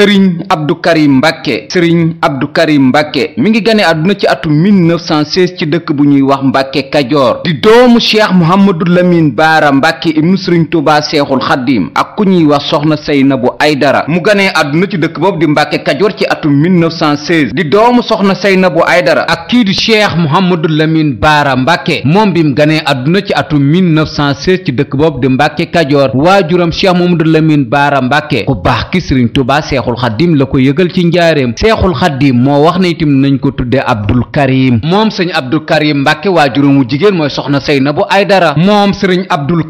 sëriñ Abdou Karim Mbacke sëriñ Abdou Karim Mbacke mi ngi gane àdduna ci atum 1916 ci dëkk bu ñuy wax Mbacke Kajoor di doomu cheikh Mouhamadou Lamine Baara Mbacke ibnu sëriñ Touba Seexul Xaddiim ak ku ñuy wax soxna Seynabu Aydara mu ganee àdduna ci dëkk boobu di Mbacke Kajoor ci atum 1916 di doomu soxna Seynabu Aydara ak kii di cheikh Mouhamadou Lamine Baara Mbacke moom bi mu ganee àdduna ci atum 1916 ci dëkk boobu di Mbacke Kajoor waajuram cheikh Mouhamadou Lamine Baara Mbacke ku baax ki sëriñ Touba Seexul seexul xaddim la ko yëgal ci njaareem seexul xaddim moo wax na itam nañ ko tudde abdul karim moom sëñ abdul karim mbàkke waajuram wu jigéen mooy soxna Seynabu Aydara moom sëriñ abdul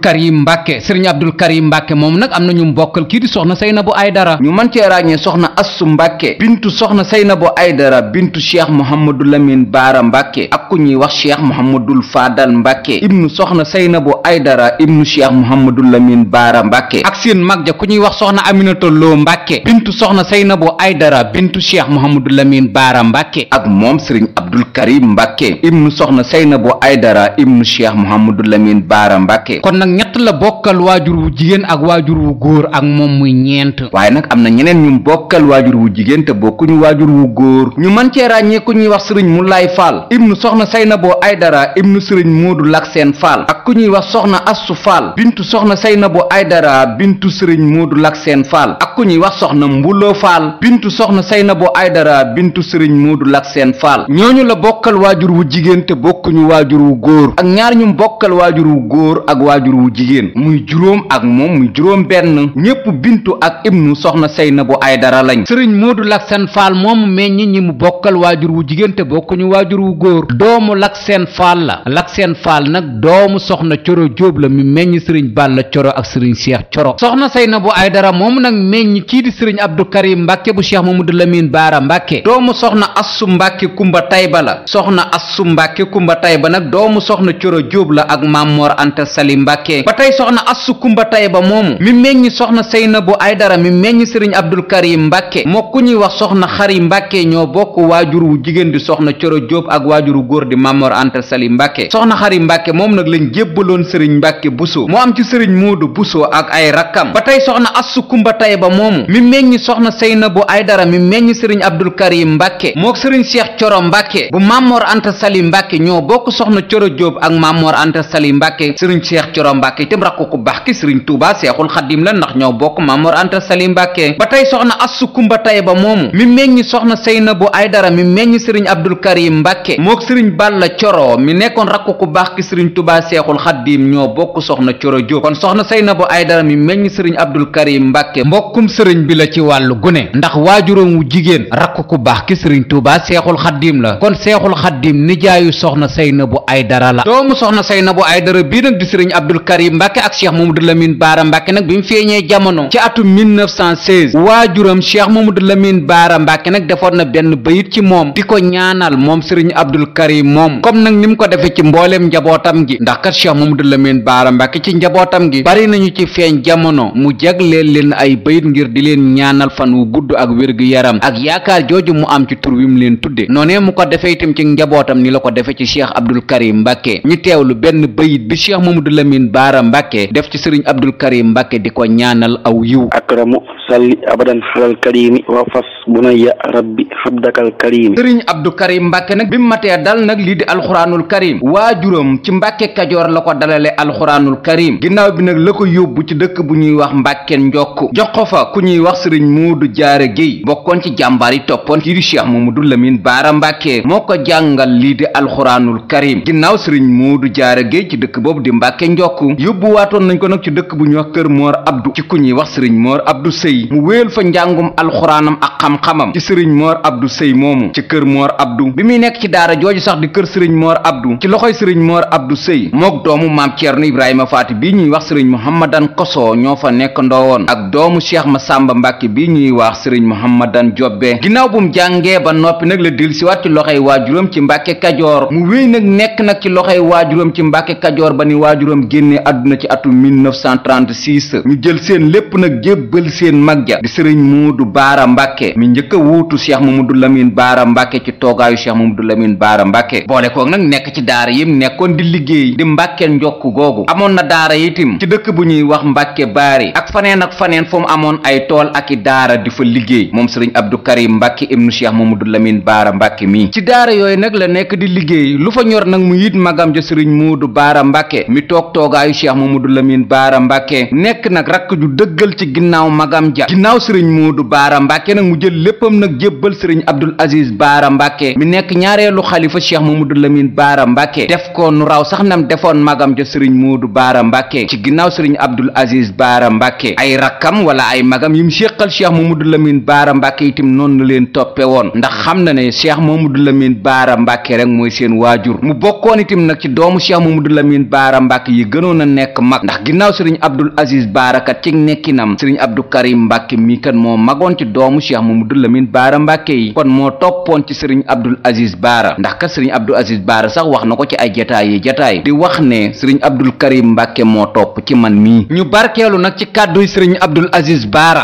moom nag am na ñu mbokkal kii di soxna Seynabu Aydara ñu mën cee ràññee soxna assu mbàkke bintu soxna Seynabu Aydara bintu cheikh Mouhamadou Lamine Baara mbàkke ak ku ñuy wax cheikh Mouhamadul Fadal mbàkke ibnu soxna Seynabu Aydara ibnu cheikh Mouhamadou Lamine Baara mbàkke ak seen mag ja ku ñuy wax soxna Aminata Lo mbàkke bintu soxna soxna ay Aydara bintu Cheikh Mouhamadou Lamine Baara Mbàkke ak moom sëriñ abdul karim mbàkke ibnu soxna saynabu aydara ibnu cheikh mouhamadou lamine baara mbàkke kon nag ñett la bokkal waajur wu jigéen ak waajur wu góor ak moom muy ñeent waaye nag am na ñeneen ñum bokkal waajur wu jigéen te bokkuñu waajur wu góor ñu man cee ràññee ku ñuy wax sëriñ mu laay faal ibnu soxna saynabu aydara ibnu sëriñ moodu seen faal ak ku ñuy wax soxna assu faal bintu soxna saynabu aydara bintu sëriñ moodu lakseen faal ak ku ñuy wax soxna mbuloo faal bintu soxna saynabu aydara bintu sëriñ moodu lakseen faal ñooñu ñooñu la bokkal waajur wu jigéen te bokkuñu waajur wu góor ak ñaar ñu bokkal waajur wu góor ak waajur wu jigéen muy juróom ak moom mu juróom benn ñépp bintu ak ibnu soxna ay dara lañ sëriñ moo du Modou Laksane Fall moomu meññ ñi mu bokkal waajur wu jigéen te bokkuñu waajur wu góor doomu seen Fall la seen Fall nag doomu soxna Coro Jóob la mi meññ sëriñ la Coro ak sëriñ Cheikh Coro soxna Seynabou Aydara moomu nag meññ kii di sëriñ Abdou Karim bu Cheikh Mamadou Lamine Baara Mbàkke tayba la soxna assu mbàkke kumba ba nag doomu soxna coro jóob la ak mammoor anta sali mbàkke ba tey soxna assu kumba tayba moomu mi meññ soxna seynabu aydara mi meññ sëriñ abdul karim mbàkke moo ku ñuy wax soxna xari mbàkke ñoo bokk waajur wu jigéen di soxna coro jóob ak waajuru góor di mammoor anta sali mbàkke soxna xari mbàkke moom nag lañ jébbaloon sëriñ mbàkke buso moo am ci sëriñ moodu buso ak ay rakkam ba tey soxna assu kumba tayba moomu mi meññ soxna seynabu aydara sëriñ abdul karim mbàkke mook sëriñ cheikh coro mbàkke Mbàkke bu Mamor Anta Sali Mbàkke ñoo bokk soxna Coro Jóob ak Mamor Anta Sali Mbàkke sëriñ Cheikh Coro Mbàkke itam rakku ku baax ki sëriñ Tuuba Seexul Xadim la ndax ñoo bokk Mamor Anta Sali Mbàkke ba tey soxna Assu Kumba Tayba moomu mi meññi soxna ay dara mi meññi sëriñ Abdul Karim Mbàkke mook sëriñ Balla Coro mi nekkoon rakku ku baax ki sëriñ Tuuba Seexul Xadim ñoo bokk soxna Coro Jóob kon soxna Seynabu Aydara mi meññi sëriñ Abdul Karim Mbàkke mbokkum sëriñ bi la ci wàllu gune ndax waajuroom jigéen rakku ku baax ki sëriñ Tuuba Seexul woon seexul xaddim nijaayu soxna ay Aydara la doomu soxna Seynabu Aydara bii nag di sëriñ Abdul Karim Mbàkke ak Cheikh Mamadou Lamine Baara Mbàkke nag bi mu feeñee jamono ci atum 1916 waajuram Cheikh Mamadou Lamine Baara Mbàkke nag defoon na benn bayit ci moom di ko ñaanal moom sëriñ Abdul Karim moom comme nag ni mu ko defee ci mbooleem njabootam gi ndax kat Cheikh Mamadou Lamine Baara Mbàkke ci njabootam gi bari nañu ci feeñ jamono mu jagleel leen ay bayit ngir di leen ñaanal fan wu gudd ak wërg yaram ak yaakaar jooju mu am ci leen tudde defee itam ci njabootam ni la ko defe ci cheikh abdul karim mbàkke ñu lu benn bayit bi cheikh du lamine baara mbàkke def ci sëriñ abdul karim mbàkke di ko ñaanal aw yiw akramu salli abadan xalal karimi wa fas bunayya rabbi xabdakal karimi sëriñ abdou karim mbàkke nag bi mu matee dal nag lii di alxuraanul karim waajuram ci mbàkke kajoor la ko dalale alxuraanul karim ginnaaw bi nag la ko yóbbu ci dëkk bu ñuy wax mbàkke njokk jox ko fa ku ñuy wax sëriñ muudu jaare géy bokkoon ci jàmbaar yi toppoon kii di cheikh mamadou lamine baara mbàkke moo ko jàngal lii di alxuraanul karim ginnaaw sëriñ Moodu Jaara Géej ci dëkk boobu di Mbàkke Njokk yóbbuwaatoon nañ ko nag ci dëkk bu ñu wax kër Moor Abdu ci ku ñuy wax sëriñ Moor Abdu Sëy mu wéel fa njàngum alxuraanam ak xam-xamam ci sëriñ Moor Abdu Sëy moomu ci kër Moor Abdu bi muy nekk ci daara jooju sax di kër sëriñ Moor Abdu ci loxoy sëriñ Moor Abdu Sëy mook doomu maam Ibrahima Faati bii ñuy wax sëriñ Muhammadan Koso ñoo fa nekk ndoowoon ak doomu Cheikh Masamba Mbàkke bii ñuy wax sëriñ Muhammadan Jobbe ginnaaw bu mu jàngee ba noppi nag la dil siwaat ci loxo loxoy waajuram ci mbàkke kajoor mu wéy nag nekk nag ci loxoy waajuram ci mbàkke kajoor ba ni waajuram génne àdduna ci atum 1936 ñu jël seen lépp nag jébbal seen mag ja di sëriñ Moodu Baara Mbàkke mi njëkk a wuutu Cheikh Mamadou Lamine Baara Mbàkke ci toogaayu Cheikh Mamadou Lamine Baara Mbàkke boole koog nag nekk ci daara yim nekkoon di liggéey di mbàkke njokk googu amoon na daara yitim ci dëkk bu ñuy wax mbàkke baari ak faneen ak faneen fu amoon ay tool ak i daara di fa liggéey moom sëriñ Abdou Karim Mbàkke ibnu Cheikh Mamadou Lamine Baara Mbàkke mi ci daara yooyu nag la nekk di liggéey lu fa ñor nag mu yit magam ja sëriñ Moodu Baara Mbàkke mi toog toogaayu Cheikh Mamadou Lamine Baara Mbàkke nekk nag rakk ju dëggal ci ginnaaw magam ja ginnaaw sëriñ Moodu Baara Mbàkke nag mu jël léppam nag jébbal sëriñ Abdul Aziz Baara Mbàkke mi nekk ñaareelu xalifa Cheikh du Lamine Baara Mbàkke def ko nu raw sax nam defoon magam ja sëriñ Moodu Baara Mbàkke ci ginnaaw sëriñ Abdul Aziz Baara Mbàkke ay rakkam wala ay magam yim séqal Cheikh Mamadou Lamine Baara Mbàkke itam noonu la leen toppe woon ndax Lamine Baara Mbàkke rek mooy seen waajur mu bokkoon itam nag ci doomu Cheikh Mamadou Lamine Baara Mbàkke yi gënoon a nekk mag ndax ginnaaw sëriñ Abdul Aziz Baara kat ci nekkinam sëriñ Abdou Karim Mbàkke mi kat moo magoon ci doomu Cheikh Mamadou Lamine Baara Mbàkke yi kon moo toppoon ci sëriñ Abdul Aziz Baara ndax kat sëriñ Abdul Aziz Baara sax wax na ko ci ay jataay yi jataay di wax ne sëriñ Abdul Karim Mbàkke moo topp ci man mii ñu barkeelu nag ci kàdduy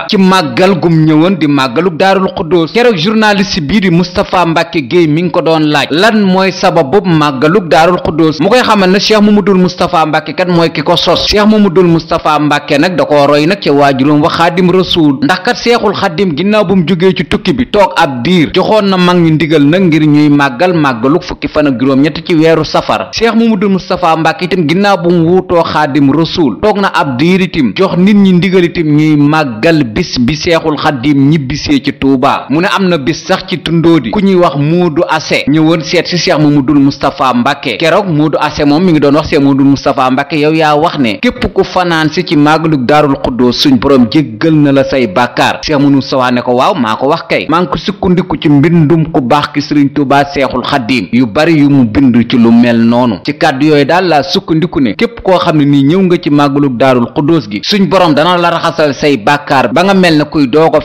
ci màggal gum ñëwoon di màggaluk Daarul Xuddoos keroog journaliste bii di Moustapha Mbàkke mi ngi ko doon laaj lan mooy sababu màggalug daarul xuddoos mu koy xamal na cheikh mamadul moustapha mbàkke kat mooy ki ko sos cheikh mamadul moustapha mbàkke nag da koo roy nag ca waajuróom wa xaadim rasuul ndax kat seexul xaadim ginnaaw bu mu jógee ci tukki bi toog ab diir joxoon na mag ñu ndigal nag ngir ñuy màggal màggalug fukki fan ak juróom-ñett ci weeru safar cheikh mamadul moustapha mbàkke itam ginnaaw bu mu wuutoo xaadim rasuul toog na ab diir itam jox nit ñi ndigal itam ñuy màggal bis bi seexul xaadim ñibbisee ci tuubaa mu ne am na bis sax ci tundóo di ku ñuy wax muudu Assé ñëwoon seet si Cheikh Mamadou Moustapha Mbacke keroog Modou Assé moom mi ngi doon wax Cheikh Mamadou Moustapha Mbacke yow yaa wax ne képp ku fanaan si ci màggalug Daarul Xuddoos suñ borom jéggal na la say bàkkaar Cheikh Mamadou Moustapha ne ko waaw maa ko wax kay maa ngi ko sukkandiku ci mbindum ku baax ki Sëriñ Tuubaa Seexul Xadiim yu bari yu mu bind ci lu mel noonu ci kàddu yooyu daal laa sukkandiku ne képp koo xam ne nii ñëw nga ci màggalug Daarul Xuddoos gi suñ borom dana la say bàkkaar ba nga mel ne kuy doog a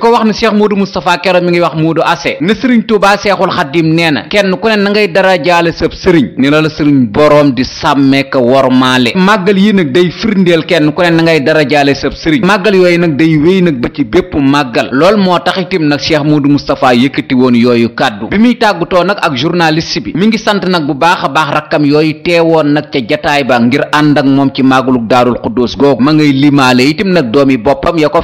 ko wax ne cheikh Modou Moustapha keroog mi ngi wax Modou Assé ne sëriñ Touba xaddim nee na kenn ku ne na ngay dara jaale sëb sëriñ ni la la sëriñ boroom di sàmmeeka wormaale màggal yi nag day firndeel kenn ku ne na ngay dara jaale sëb sëriñ màggal yooyu nag day wéy nag ba ci bépp màggal lool moo tax itam nag cheikh Modou Moustapha yëkkati woon yooyu kàddu bi muy tàggutoo nag ak journaliste bi mi ngi sant nag bu baax a baax rakkam yooyu teewoon nag ca jataay ba ngir ànd ak moom ci màggaluk daarul xudduus googu ma ngay limaale itam nag doomi boppam ya ko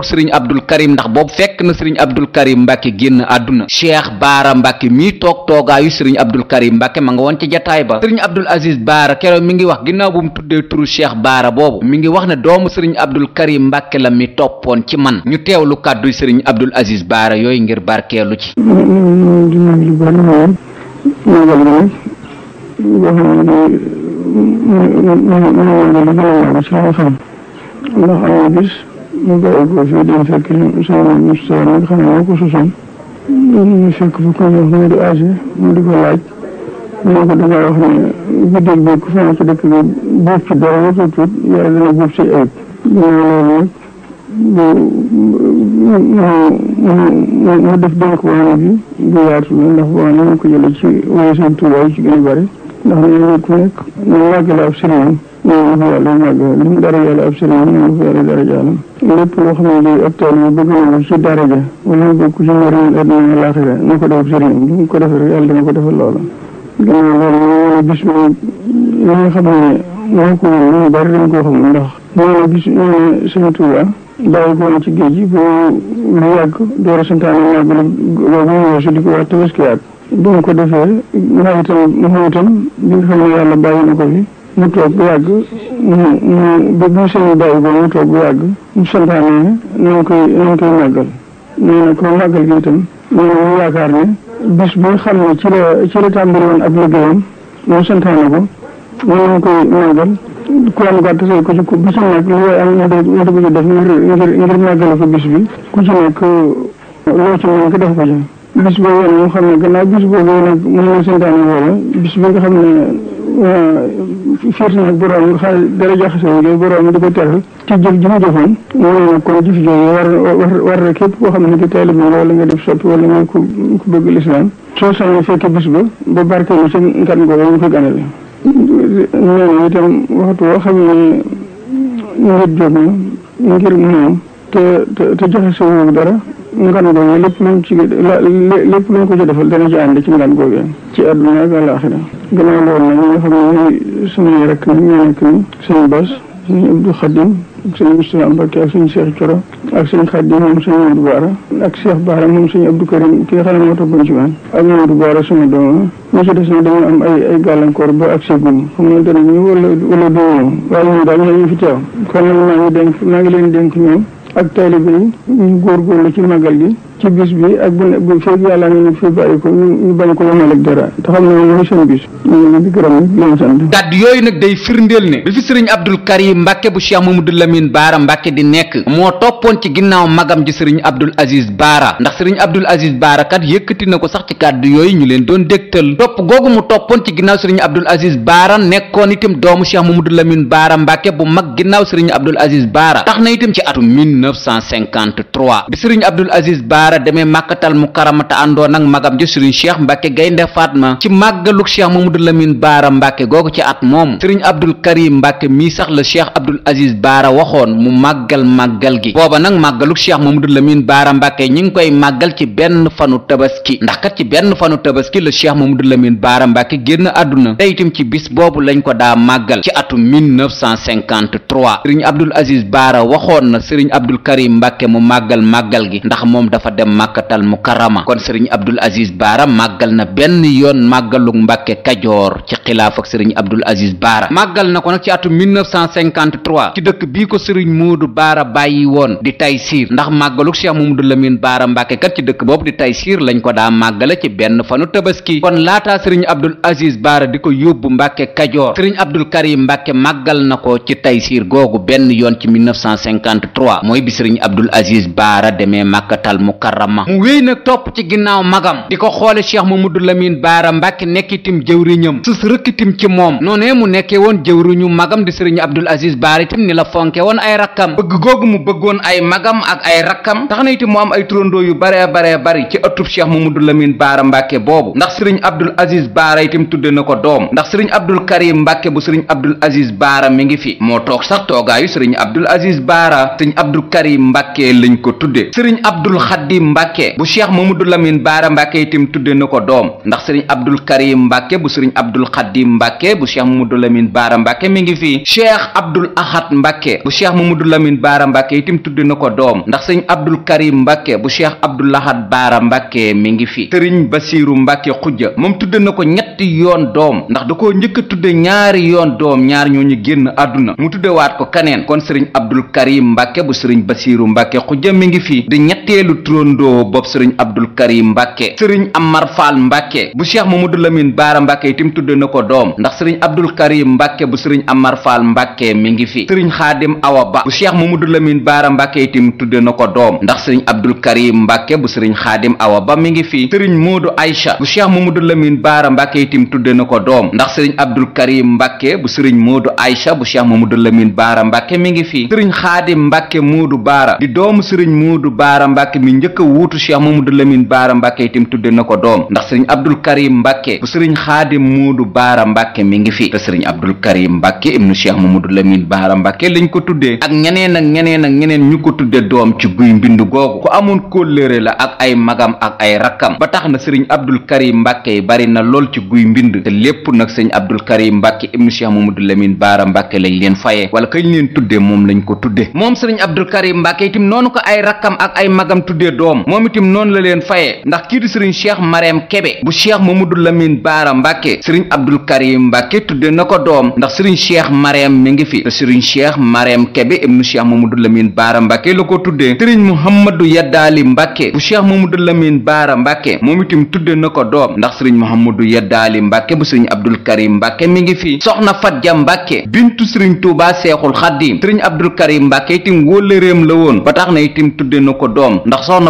njabootuk sëriñ abdul karim ndax boobu fekk na sëriñ abdul karim mbàkke génn àdduna cheikh baara mbàkke mii toog toogaayu sëriñ abdul karim mbàkke ma nga woon ca jataay ba sëriñ abdul aziz baara keroog mi ngi wax ginnaaw bu mu tuddee turu cheikh baara boobu mi ngi wax ne doomu sëriñ abdul karim mbàkke la mi toppoon ci man ñu teewlu kàdduy sëriñ abdul aziz baara yooyu ngir barkeelu ci mu bàyyi ko fii dem fekk sëñ Moustapha nag xam ne moo ko sosoon mu fekk fu ko wax mu di âgé mu di ko laaj moo ko dangaa wax buub ci dara warta tuut yàlla dana buub ci ayib loolu nag mu mu def dénkuwaane bi bu yaatu la ndax boo ne ma ko jëlee ci woy seen tubaay ci gën ku nekk mu yàgg la ab moom bu yàlla màggal li mu darajaal ab sëriñ bi moom bu yàlla darajaalam lépp loo xam ne day ab taal mu bëgg moom ci daraja wala mu bëgg ci njëriñ àdduna laaxira na ko def sëriñ bi mu ko defee rek yàlla dana ko defal loola gannaaw loolu moo ne bis mi li nga xam ne moo ko moom ñu bari dañ koo xam ndax moo ne bis moo ne sëriñ Tuuba bàyyi ko woon ci géej gi ba lu yàgg door a santaane màggal boobu mu weesu di ko waat tabaskiyaat bu mu ko defee naa itam mu xam itam bi nga xam ne yàlla bàyyi na ko fi mu toog bu yàgg mu mu ba bu seen bàyyi ba mu toog bu yàgg mu santaane na nga koy na nga koy màggal nee na ko màggal gi itam nee na mu yaakaar ne bis bi nga xam ne ci la ci la tàmbali woon ab liggéeyam mu santaane ko mën nañu koy màggal ku am gàtt say ku ci ku bisu def ngir ngir màggale ko bis bi ku ci nekk loo ci mën ko def ko ci bis boobu yéen ñoo xam ne gannaaw bis boobu nag mën na santaane wala bis bi nga xam ne. fiir na ak borom xay dara jaxasoo gi borom di ko teral ci jëf ji mu jëfoon mooy nag kon jëf jooju war war war na képp koo xam ne di taalib nga wala nga def soppi wala nga ku ku bëgg lislaam soo sañee fekke bis ba ba barke lu ci ngan googu ñu ko ganale nee itam waxtu woo xam ne nit jóg na ngir moom te te te jaxasoo dara ngan googee lépp nañ ci lépp luñ ko ci defal dana ci ànd ci ngan googee ci àdduna ak àlaaxira gannaaw loolu nag ñi nga xam ne ñooy suñuy rekk ni ñoo nekk ni sëñ Bas sëñ Abdou Khadim ak sëñ Moustapha ak sëñ Cheikh Thioro ak sëñ Khadim ak Cheikh Baara moom sëñ ne moo suñu doom ñu ci des nag dañu am ay ay gàllankoor ba ak segum xam nga danañu wala wala doñu waaye ñun ñu fi teew kon nag maa ngi dénk maa ngi leen dénk ñoom ak taalibe yi ñu góorgóorlu ci magal gi ci bis bi ak bu ne bu fi bàyyi ko ñu bañ ko yemale ak dara te yooyu nag day firndeel ne bi fi sëriñ Abdul Mbacke bu Cheikh Mamadou Lamine Baara Mbacke di nekk moo toppoon ci ginnaaw magam ji sëriñ Abdul Aziz Baara ndax sëriñ Abdul Aziz Baara yëkkati na ko sax ci kàddu yooyu ñu leen doon dégtal topp googu mu toppoon ci ginnaaw sëriñ Abdul Aziz Baara nekkoon itam doomu Cheikh Mamadou Lamine Baara Mbacke bu mag ginnaaw sëriñ Abdul Aziz Baara tax na itam ci atum 1953 bi sëriñ Abdul Aziz Baara baara demee màkkatal mu karamata àndoon ak magam ji sëriñ cheikh mbàkke gaynde faatma ci màggaluk cheikh mamadou lamin baara mbàkke googu ci at moom sëriñ abdul karim mbàkke mii sax la cheikh abdul aziz baara waxoon mu màggal màggal gi booba nag màggaluk cheikh mamadou lamin baara mbàkke ñi ngi koy màggal ci benn fanu tabaski ndax kat ci benn fanu tabaski la cheikh mamadou lamin baara mbàkke génn àdduna te itam ci bis boobu lañ ko daa màggal ci atum 1953 sëriñ abdul aziz baara waxoon na sëriñ abdul karim mbàkke mu màggal màggal gi ndax moom dafa dem màkkatal mukarama kon sëriñ abdul aziz baara màggal na benn yoon màggaluk mbàkke kajoor ci xilaaf ak sëriñ abdul aziz baara màggal na ko nag ci atum 1953 ci dëkk bii ko sëriñ muudu baara bàyyi woon di tay siir ndax màggaluk cheikh mamadou lamine baara mbàkke kat ci dëkk boobu di tay siir lañ ko daa màggale ci benn fanu tabaski kon laataa sëriñ abdul aziz baara di ko yóbbu mbàkke kajoor sëriñ abdul karim mbàkke màggal na ko ci tay siir googu benn yoon ci 1953 mooy bi sëriñ abdul aziz baara demee màkkatal mukarama mukarrama mu wéy nag topp ci ginnaaw magam di ko xoole cheikh mamadou lamine baara mbàkke nekkitim jëwriñam sus rëkkitim ci moom noonee mu nekkee woon jëwriñu magam di sëriñ abdul aziz baara itam ni la fonke woon ay rakkam bëgg googu mu bëggoon ay magam ak ay rakkam tax na itam mu am ay turandoo yu bare bare bari ci ëttub cheikh mamadou lamine baara mbàkke boobu ndax sëriñ abdul aziz baara itam tudde na ko doom ndax sëriñ abdul karim mbàkke bu sëriñ abdul aziz baara mi ngi fi moo toog sax toogaayu sëriñ abdul aziz baara sëriñ abdul karim mbàkke lañ ko tudde sëriñ abdul xad Xaadim Mbàkke bu Cheikh Mamadou Lamine Baara Mbàkke itam tudde na ko doom ndax sëriñ Abdul Karim Mbàkke bu sëriñ Abdul Xaadim Mbàkke bu Cheikh Mamadou Lamine Baara Mbàkke mi ngi fii Cheikh Abdul Ahad Mbàkke bu Cheikh Mamadou Lamine Baara Mbàkke itam tudde na ko doom ndax sëriñ Abdul Karim Mbàkke bu Cheikh Abdul Ahad Baara Mbàkke mi ngi fii sëriñ Basiiru Mbàkke Xujja moom tudde na ko ñetti yoon doom ndax da koo njëkk a tudde ñaari yoon doom ñaari ñoo ñu génn àdduna mu tuddewaat ko kaneen kon sëriñ Abdul Karim Mbàkke bu sëriñ Basiiru Mbàkke Xujja mi ngi fii di ñetteelu turandoo bopp sëriñ abdul karim mbàkke sëriñ amar faal mbàkke bu cheikh mamadou lamine baara mbàkke itam tudde na ko doom ndax sëriñ abdul karim mbàkke bu sëriñ amar faal mbàkke mi ngi fi sëriñ xaadim awa ba bu cheikh mamadou lamine baara mbàkke itam tudde na ko doom ndax sëriñ abdul karim mbàkke bu sëriñ xaadim awa ba mi ngi fi sëriñ moodu aycha bu cheikh mamadou lamine baara mbàkke itam tudde na ko doom ndax sëriñ abdul karim mbàkke bu sëriñ moodu aycha bu cheikh mamadou lamine baara mbàkke mi di doomu sëriñ moodu baara mbàkke mi njëkk njëkk a wuutu cheikh mamadou lamine baara mbàkke itam tudde na ko doom ndax sëriñ abdul karim mbàkke bu sëriñ xaadim muudu baara mbàkke mi ngi fi te sëriñ abdul karim mbàkke ibnu cheikh mamadou lamine baara mbàkke lañ ko tuddee ak ñeneen ñeneen ak ñu ko tudde doom ci guy mbind googu ku amoon kóllëre la ak ay magam ak ay rakkam ba tax na sëriñ abdul karim mbàkke yi bari na lool ci guy mbind te lépp nag sëriñ abdul karim mbàkke ibnu cheikh mamadou lamine baara mbàkke lañ leen fayee wala kañ leen tuddee moom lañ ko tuddee moom sëriñ abdul karim mbàkke itam noonu ko ay rakkam ak ay magam tuddee doom moom itam noonu la leen fayee ndax kii di sëriñ cheikh mareem kebe bu cheikh mamadou lamin baara mbàkke sëriñ abdul karim mbàkke tudde na ko doom ndax sëriñ cheikh mareem mi ngi fi te sëriñ cheikh mareem kebe ibnu cheikh mamadou lamin baara mbàkke la ko tuddee sëriñ mouhamadou yaddaali mbàkke bu cheikh mamadou lamin baara mbàkke moom itam tudde na ko doom ndax sëriñ mouhamadou yaddaali mbàkke bu sëriñ abdul karim mbàkke mi ngi fi soxna fatja mbàkke bintu sëriñ tuuba seexul xaddim sëriñ abdul karim mbàkke itam wóllëreem la woon ba tax na itam tudde na ko doom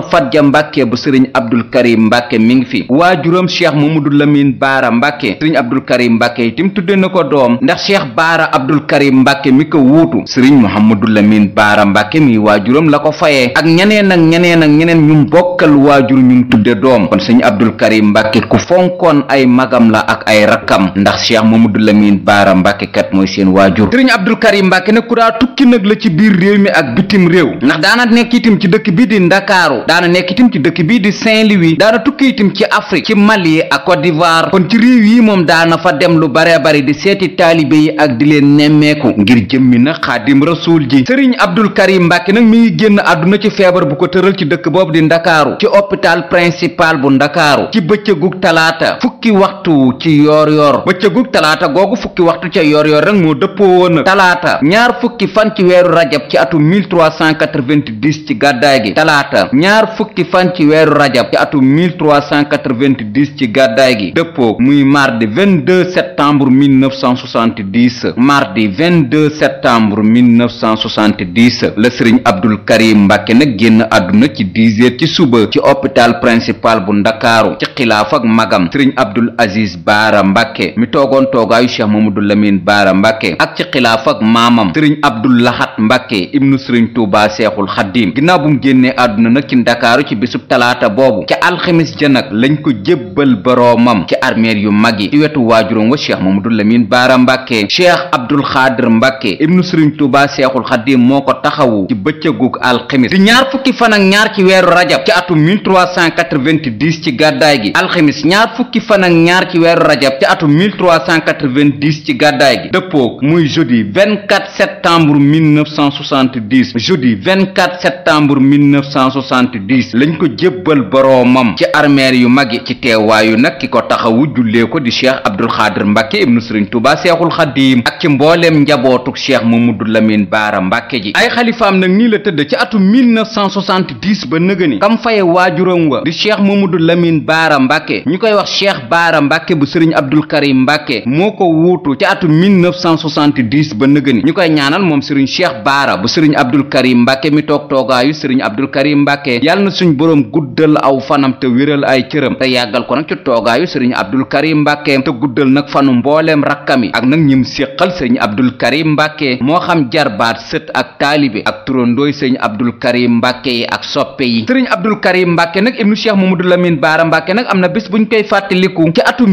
soxna Fatja Mbàkke bu sëriñ Abdul Karim Mbàkke mi ngi fi waajuram cheikh Mamadou Lamine Baara Mbàkke sëriñ Abdul Karim Mbàkke itam tudde na ko doom ndax cheikh Baara Abdul Karim Mbàkke mi ko wuutu sëriñ Mouhamadou Lamine Baara Mbàkke mi waajuram la ko fayee ak ñeneen ak ñeneen ak ñeneen ñum bokkal waajur ñum tudde doom kon sëriñ Abdul Karim Mbàkke ku fonkoon ay magam la ak ay rakkam ndax cheikh Mamadou Lamine Baara Mbàkke mooy seen waajur sëriñ Abdou Karim Mbàkke nag ku daa tukki nag la ci biir réew mi ak bitim réew ndax daana nekk itam ci dëkk bi di ndakaaru daana nekk itam ci dëkk bii di Saint-Louis daana tukki itam ci Afrique ci Mali ak Côte d'Ivoire kon ci réew yi moom daana fa dem lu bare bari di seeti taalibe yi ak di leen nemmeeku ngir jëmmi na xaadim rasuul ji sëriñ Abdou Karim Mbàkke nag mi ngi génn adduna ci feebar bu ko tëral ci dëkk boobu di ndakaaru ci hôpital principal bu ndakaaru ci bëccëgug talaata fukki waxtu ci yoor yoor bëccëgug talaata googu fukki waxtu ca yoor yoor lor moo dëppoo woon talaata ñaar fukki fan ci weeru rajab ci atum 1390 ci gàddaay gi talaata ñaar fukki fan ci weeru rajab ci atum 1390 ci gàddaay gi dëppoo muy mardi 22 septembre 1970 mardi 22 septembre 1970 la sëriñ Abdul Karim Mbàkke nag génn àdduna ci 10 ci suba ci hôpital principal bu ndakaaru ci xilaaf ak magam sëriñ Abdul Aziz Baara Mbàkke mi toogoon toogaayu Cheikh Mamadou Lamine Baara Baara Mbàkke ak ci xilaaf ak maamam sëriñ Abdul Lahat Mbàkke ibnu sëriñ Tuubaa Seexul Xaddiim ginnaaw bu mu génnee àdduna nag ci ndakaaru ci bisub talaata boobu ca alxemes ja nag lañ ko jébbal boroomam ci armeel yu mag yi ci wetu waajuram wa cheikh Mamadou Lamine Baara Mbàkke cheikh Abdul Xaadir Mbàkke ibnu sëriñ Tuubaa Seexul Xaddiim moo ko taxawu ci bëccëgug alxemis di ñaar fukki fan ak ñaar ci weeru rajab ci atum 1390 ci gàddaay gi alxemis ñaar fukki fan ak ñaar ci weeru rajab ci atum 1390 ci gàddaay gi dëppook muy jeudi 24 septembre 1970 jeudi 24 septembre 1970 lañ ko jébbal boroomam ci armeer yu mag yi ci teewaayu nag ki ko taxawu jullee ko di cheikh Abdul Xaadir Mbàkke ibnu Sëriñ Tuubaa Seexul Xadiim ak ci mbooleem njabootuk cheikh Mamadou Lamine Baara Mbàkke ji ay xalifaam nag nii la tëdd ci atum 1970 ba nëgëni kam faye waajuram wa di cheikh Mamadou Lamine Baara Mbàkke ñu koy wax cheikh Baara Mbàkke bu Sëriñ Abdul Karim Mbàkke moo ko wuutu ci atum 1970 ba nëgëni ñu koy ñaanal moom sëriñ cheikh baara bu sëriñ abdul karim mbàkke mi toog toogaayu sëriñ abdul karim mbàkke yàlla na suñ boroom guddal aw fanam te wéral ay cëram te yàggal ko nag ci toogaayu sëriñ abdul karim mbàkke te guddal nag fanu mbooleem rakkami ak nag ñim séqal sëriñ abdul karim mbàkke moo xam jarbaat sët ak taalibe ak turandooy sëriñ abdul karim mbàkke yi ak soppe yi sëriñ abdul karim mbàkke nag ibnu cheikh mamadou lamine baara mbàkke nag am na bés buñ koy fàttaliku ci atum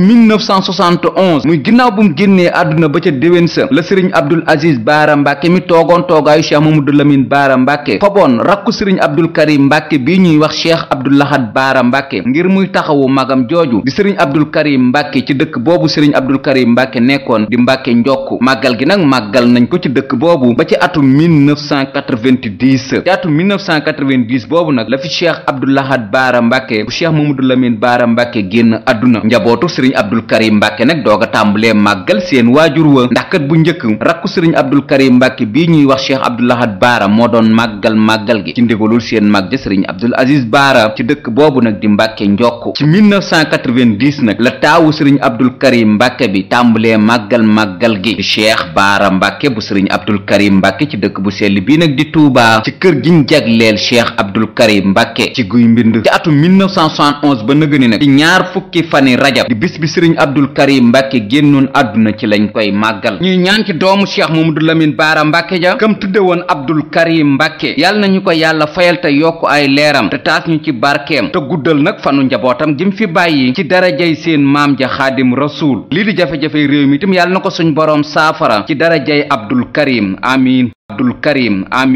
muy ginnaaw bu mu génnee àdduna ba ca déwén sa la sëriñ abdul aziz baara mbàkke mi toogoon toogaayu cheikh mamadou lamine baara mbàkke foboon rakku sëriñ abdul karim mbàkke bi ñuy wax cheikh abdul lahad baara mbàkke ngir muy taxawu magam jooju di sëriñ abdul karim mbàkke ci dëkk boobu sëriñ abdul karim mbàkke nekkoon di mbàkke njokk màggal gi nag màggal nañ ko ci dëkk boobu ba ci atum 1990 ci atum 1990 boobu nag la fi cheikh abdul lahad baara mbàkke bu cheikh mamadou lamine baara mbàkke génn àdduna njabootu sëriñ abdul karim mbàkke nag doog a tàmbalee màggal seen waajur wa ndax bu njëkk rakku sëriñ abdul karim mbàkke bii ñuy wax cheikh abdoulahat baara moo doon màggal màggal gi ci ndigalul seen mag ja sëriñ abdul aziz baara ci dëkk boobu nag di mbàkke njokk ci 1990 nag la taawu sëriñ abdul karim mbàkke bi tàmbalee màggal màggal gi di cheikh baara mbàkke bu sëriñ abdul karim mbàkke ci dëkk bu sell bii nag di tuubaa ci kër giñ jagleel cheikh abdul karim mbàkke ci guy mbind ci atum 1971 ba nëgëni nag ci ñaar fukki fani rajab bis sëriñ abdul karim mbàkke génnoon àdduna ci lañ màggal ñuy ñaan ci doomu cheikh mamadou lamine baara mbàkke ja kam tudde woon abdul karim mbàkke na ñu ko yàlla fayal te yokk ay leeram te taas ñu ci barkeem te guddal nag fanu njabootam gim fi bàyyi ci darajay seen maam ja xaadim rasuul lii di jafe-jafey réew mi itam yàlla na ko suñ boroom saafara ci darajay abdul karim amin abdul karim amin